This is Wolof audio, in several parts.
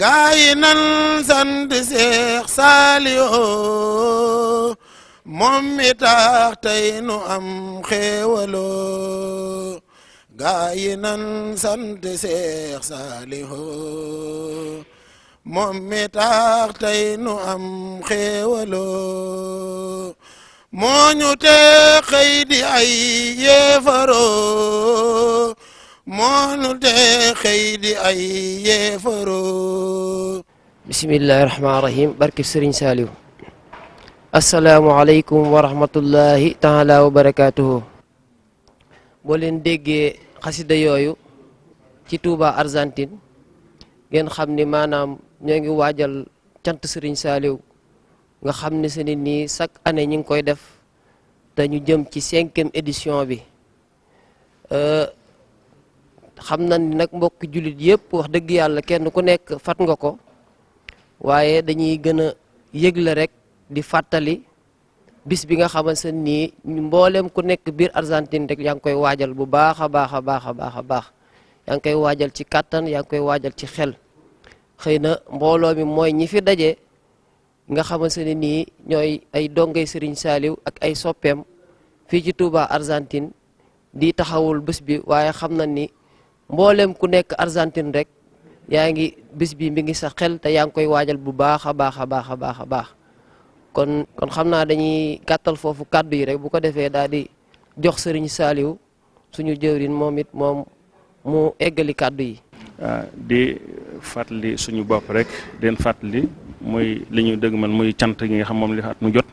gaa yi nan sant Seex Saalixoo moom mi tax tey nu am xéewaloo gaa nan sant Seex Saalixoo moom mi tax tey nu am xéewaloo moo ñu te xëy di ay yéefaroo moonu tee xëy di ay yeefaroo bisimillahi rahmaani rahim barke sëriñ saaliw asalaamualeykum wa rahmatullahi taala wa barakaatuhu boo leen déggee xasida yooyu ci Touba Argentine ngeen xam ni maanaam ñoo ngi waajal cant sëriñ saaliw nga xam ni se nit nii chaque année ñi ngi koy def te ñu jëm ci cinquième édition bi euh, xam nañ ni nag mbokk jullit yëpp wax dëgg yàlla kenn ku nekk fat nga ko waaye dañuy gën a yëgle rek di fàttali bis bi nga xamal xamante nii mboolem ku nekk biir Argentine rek yaa ngi koy waajal bu baax a baax a baax a baax a baax yaa ngi koy waajal ci kàttan yaa ngi koy waajal ci xel xëy na mbooloo mi mooy ñi fi daje nga xamante ni nii ñooy ay dongay sëriñ Saliou ak ay soppeem fii ci Touba Argentine di taxawul bés bi waaye xam na ni mboolem ku nekk Argentine rek yaa ngi bis bi mi ngi sa xel te yaa ngi koy waajal bu baax a baax a baax a baax a baax kon xam naa dañuy gàttal foofu kàddu yi rek bu ko defee daal di jox sëriñ saaliw suñu jëwrin moom it moom mu eggali kàddu yi. Ah, di fàttali suñu bopp rek den fàttali muy li ñu dëgg man muy cant gi nga xam moom li at mu jot.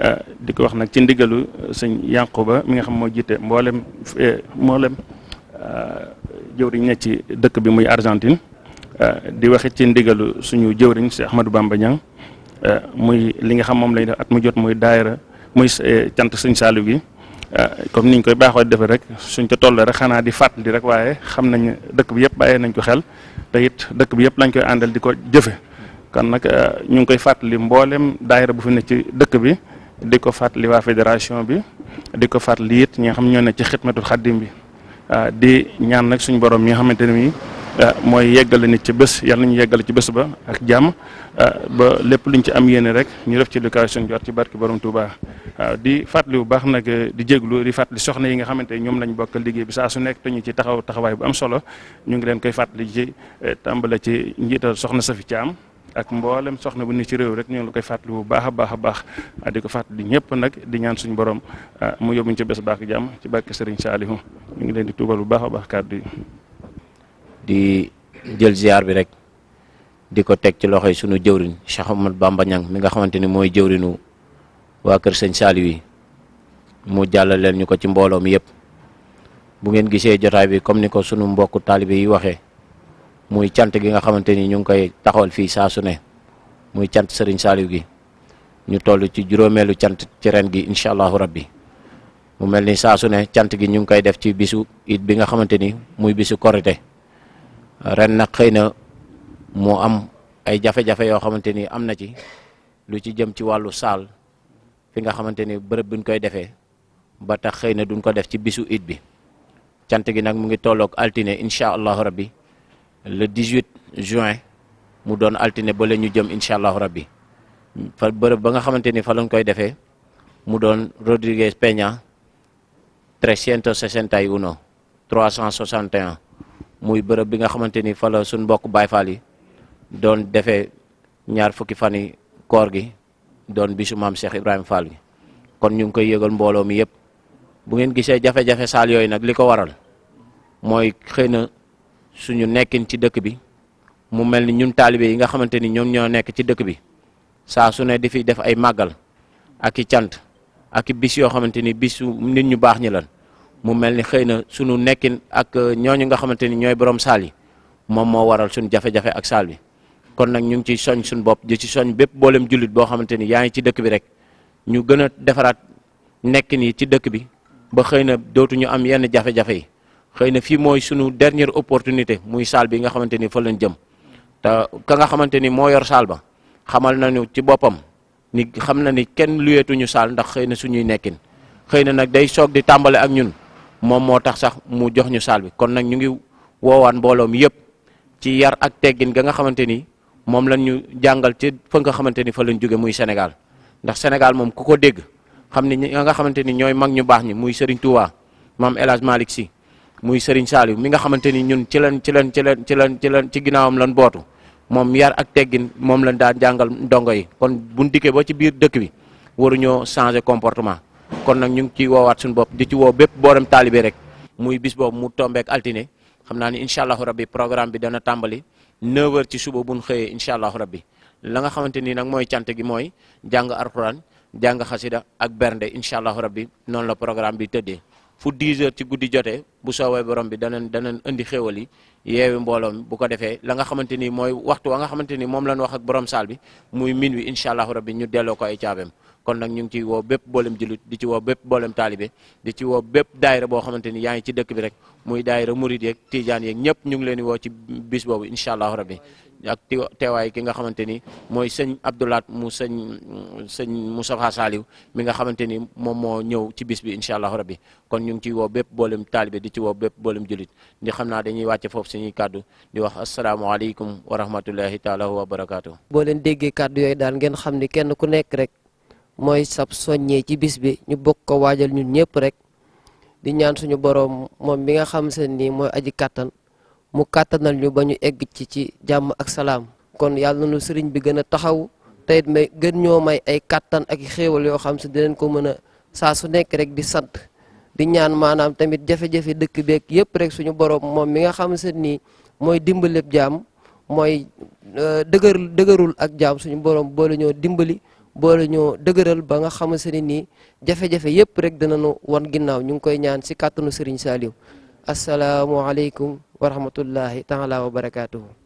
Ah, di ko wax nag ci ndigalu sëñ ba mi nga xam moo jiite mboolem eh, mboolem. Ah, jëwriñ ne ci dëkk bi muy Argentine euh, di waxit ci ndigalu suñu jëwriñ si Ahmadou Bamba euh, muy li nga xam moom lañ def at mu jot muy daayira muy euh, cant suñ Saliou gi comme ñu koy baaxoo defee rek suñ ko toll rek xanaa di fàttali rek waaye xam nañ dëkk bi yëpp bàyyee nañ ko xel te it dëkk bi yëpp lañ koy àndal di ko jëfe kon nag ñu ngi koy fàttali mboolem daayira bu fi ne ci dëkk bi di ko fàttali waa fédération bi di ko fàttali it ñi nga xam ñoo ne ci xidmatul xaddim bi Ah, di ñaan nag suñu borom mi nga xamante ne nii ah, mooy yeggale nit ci bés yàlla ñu yeggale ci bés ba ak jàmm ah, ba lépp luñ ci am yéene rek ñu def ci lu kaw suñu jot ci barki borom Touba waaw di fàttali bu baax nag di jéglu di fàttali soxna yi nga xamante ñoom lañ bokk liggéey bi saa su nekk te ñu ci taxaw taxawaay bu am solo ñu ngi leen koy fàttali ci eh, tàmbale ci njiital soxna Safi Thiam ak mboolem soxna bu ni ci réew rek ñu ngi la koy fàttali bu baax a baax a baax ah, di ko fàttali ñëpp nag di ñaan suñu borom ah, mu yóbbuñ ci bés baax jàmm ci bàkki Serigne Saliou ñu ngi leen di tuubal bu baax a baax di jël ziar bi rek di ko teg ci loxo yi sunu Cheikh Ahmad Bamba Niang mi nga xamante ni mooy jëwriñu waa kër sëñ Saliou yi mu jàllaleel ñu ko ci mbooloo mi yëpp bu ngeen gisee jotaay bi comme ni ko sunu mbokku taalibe yi waxee. muy cant gi nga xamante ni ñu ngi koy taxawal fii saa su ne muy cant Serigne Saliou gi ñu toll ci juróomeelu cant ci ren gi incha allahu rabbi mu mel ni saa ne cant gi ñu ngi koy def ci bisu it bi nga xamante ni muy bisu korite ren nag xëy na mu am ay jafe yoo xamante ni am na ci lu ci jëm ci wàllu saal fi nga xamante ni bërëb buñ koy defee ba tax xëy na duñ ko def ci bisu it bi cant gi nag mu ngi tollook altine incha allahu rabbi le 18 juin mu doon altine ba la ñu jëm incha allahu rabbi fa bërëb ba nga xamante ni fa lañ koy defee mu doon Rodriguez Peña 361 361 muy bërëb bi nga xamante ni fa la sun mbokk Baay Faal yi doon defee ñaar fukki fan yi koor gi doon bisu maam Cheikh Ibrahima Fall gi kon ñu ngi koy yëgal mbooloo mi yëpp bu ngeen gisee jafe-jafe saal yooyu nag li ko waral mooy xëy na suñu nekkin ci dëkk bi mu mel ni ñun taalibe yi nga xamante ni ñoom ñoo nekk ci dëkk bi saa su ne di fi def ay màggal ak i cant ak i bis yoo xamante ni bisu nit ñu baax ñi lan mu mel ni xëy na suñu nekkin ak euh, ñooñu nga xamante ni ñooy borom saal yi moom moo waral suñu jafe-jafe ak saal bi kon nag ñu ngi ciy soñ suñu bopp di ci soñ bépp boolem jullit boo xamante ni yaa ngi ci dëkk bi rek ñu gën a defaraat nekkin yi ci dëkk bi ba xëy na dootuñu am yenn jafe-jafe yi xëy na fii mooy sunu dernière opportunité muy salle bi nga xamante ni fa lañ jëm te ka nga xamante ni moo yor salle ba xamal nañu ci boppam ni xam na ni kenn luyeetuñu salle ndax xëy na suñuy nekkin xëy na nag day soog di tàmbale ak ñun moom moo tax sax mu jox ñu salle bi kon nag ñu ngi woowaan mbooloom yëpp ci yar ak teggin ka nga xamante ni moom lañ ñu jàngal ci fa nga xamante ni fa lañ jóge muy Sénégal ndax Sénégal moom ku ko dégg xam ni ñi nga xamante ni ñooy mag ñu baax ñi muy Serigne Touba maam El Hadj Malick muy Serigne Saliou mi nga xamante ni ñun ci lan ci lan ci lan ci leen ci leen ci ginnaawam lan bootu moom yar ak teggin moom lañ daan jàngal ndongo yi kon buñ dikkee ba ci biir dëkk bi waruñoo changer comportement kon nag ñu ngi ciy woowaat suñu bopp di ci woo bépp boolem taalibee rek muy bis boobu mu tombeek altine xam naa ni incha allahu rabbi programme bi dana tàmbali 9h ci suba buñ xëyee incha allahu rabbi la nga xamante ni nag mooy cant gi mooy jàng alxuraan jàng xasida ak bernde incha allahu rabbi noonu la programme bi tëddee fu 10 heures ci guddi jotee bu soowee borom bi danañ danañ indi xéwal yi yeewi mbooloo bu ko defee la nga xamante ni mooy waxtu wa nga xamante ni moom lañ wax ak borom saal bi muy min wi incha allahu rabbi ñu delloo ko ay caabeem kon nag ñu ngi woo bépp boolem julit di ci woo bépp boolem taalibe di ci woo bépp daayira boo xamante ni yaa ngi ci dëkk bi rek muy daayira murid woo ci bis boobu incha allahu rabbi ak ki nga xamante ni mooy sëñ Abdoulaat mu sëñ sëñ Moustapha Saliou mi nga xamante ni moom moo ñëw ci bis bi incha allahu rabbi kon ñu ngi ciy woo bépp boolem taalibe di ci woo bépp boolem julit di xam naa dañuy wàcce foofu suñuy kàddu di wax asalaamaaleykum wa rahmatullahi taala wa barakaatu. boo déggee kàddu yooyu daal ngeen xam ni kenn ku nekk rek mooy sab soññee ci bis bi ñu bokk ko waajal ñun ñëpp rek di ñaan suñu boroom moom bi nga xam seen nii mooy aji kàttan mu kàttanal ñu ba ñu egg ci ci jàmm ak salaam kon yàlla nañu sëriñ bi gën a taxaw te it gën ñoo may ay kàttan ak xéewal yoo xam si dinañ ko mën a saa su nekk rek di sant di ñaan maanaam tamit jafe dëkk beeg yëpp rek suñu boroom moom mi nga xam seen nii mooy dimbaleb jaam mooy euh, dëgër dëgërul ak jaam suñu boroom boole ñoo dimbali boole ñoo dëgëral ba nga xamante ne nii jafe-jafe yëpp rek dinañu wan ginnaaw ñu ngi koy ñaan si kattanu Serigne Saliou asalaamualeykum wa rahmatullahi taala wa barakaatuhu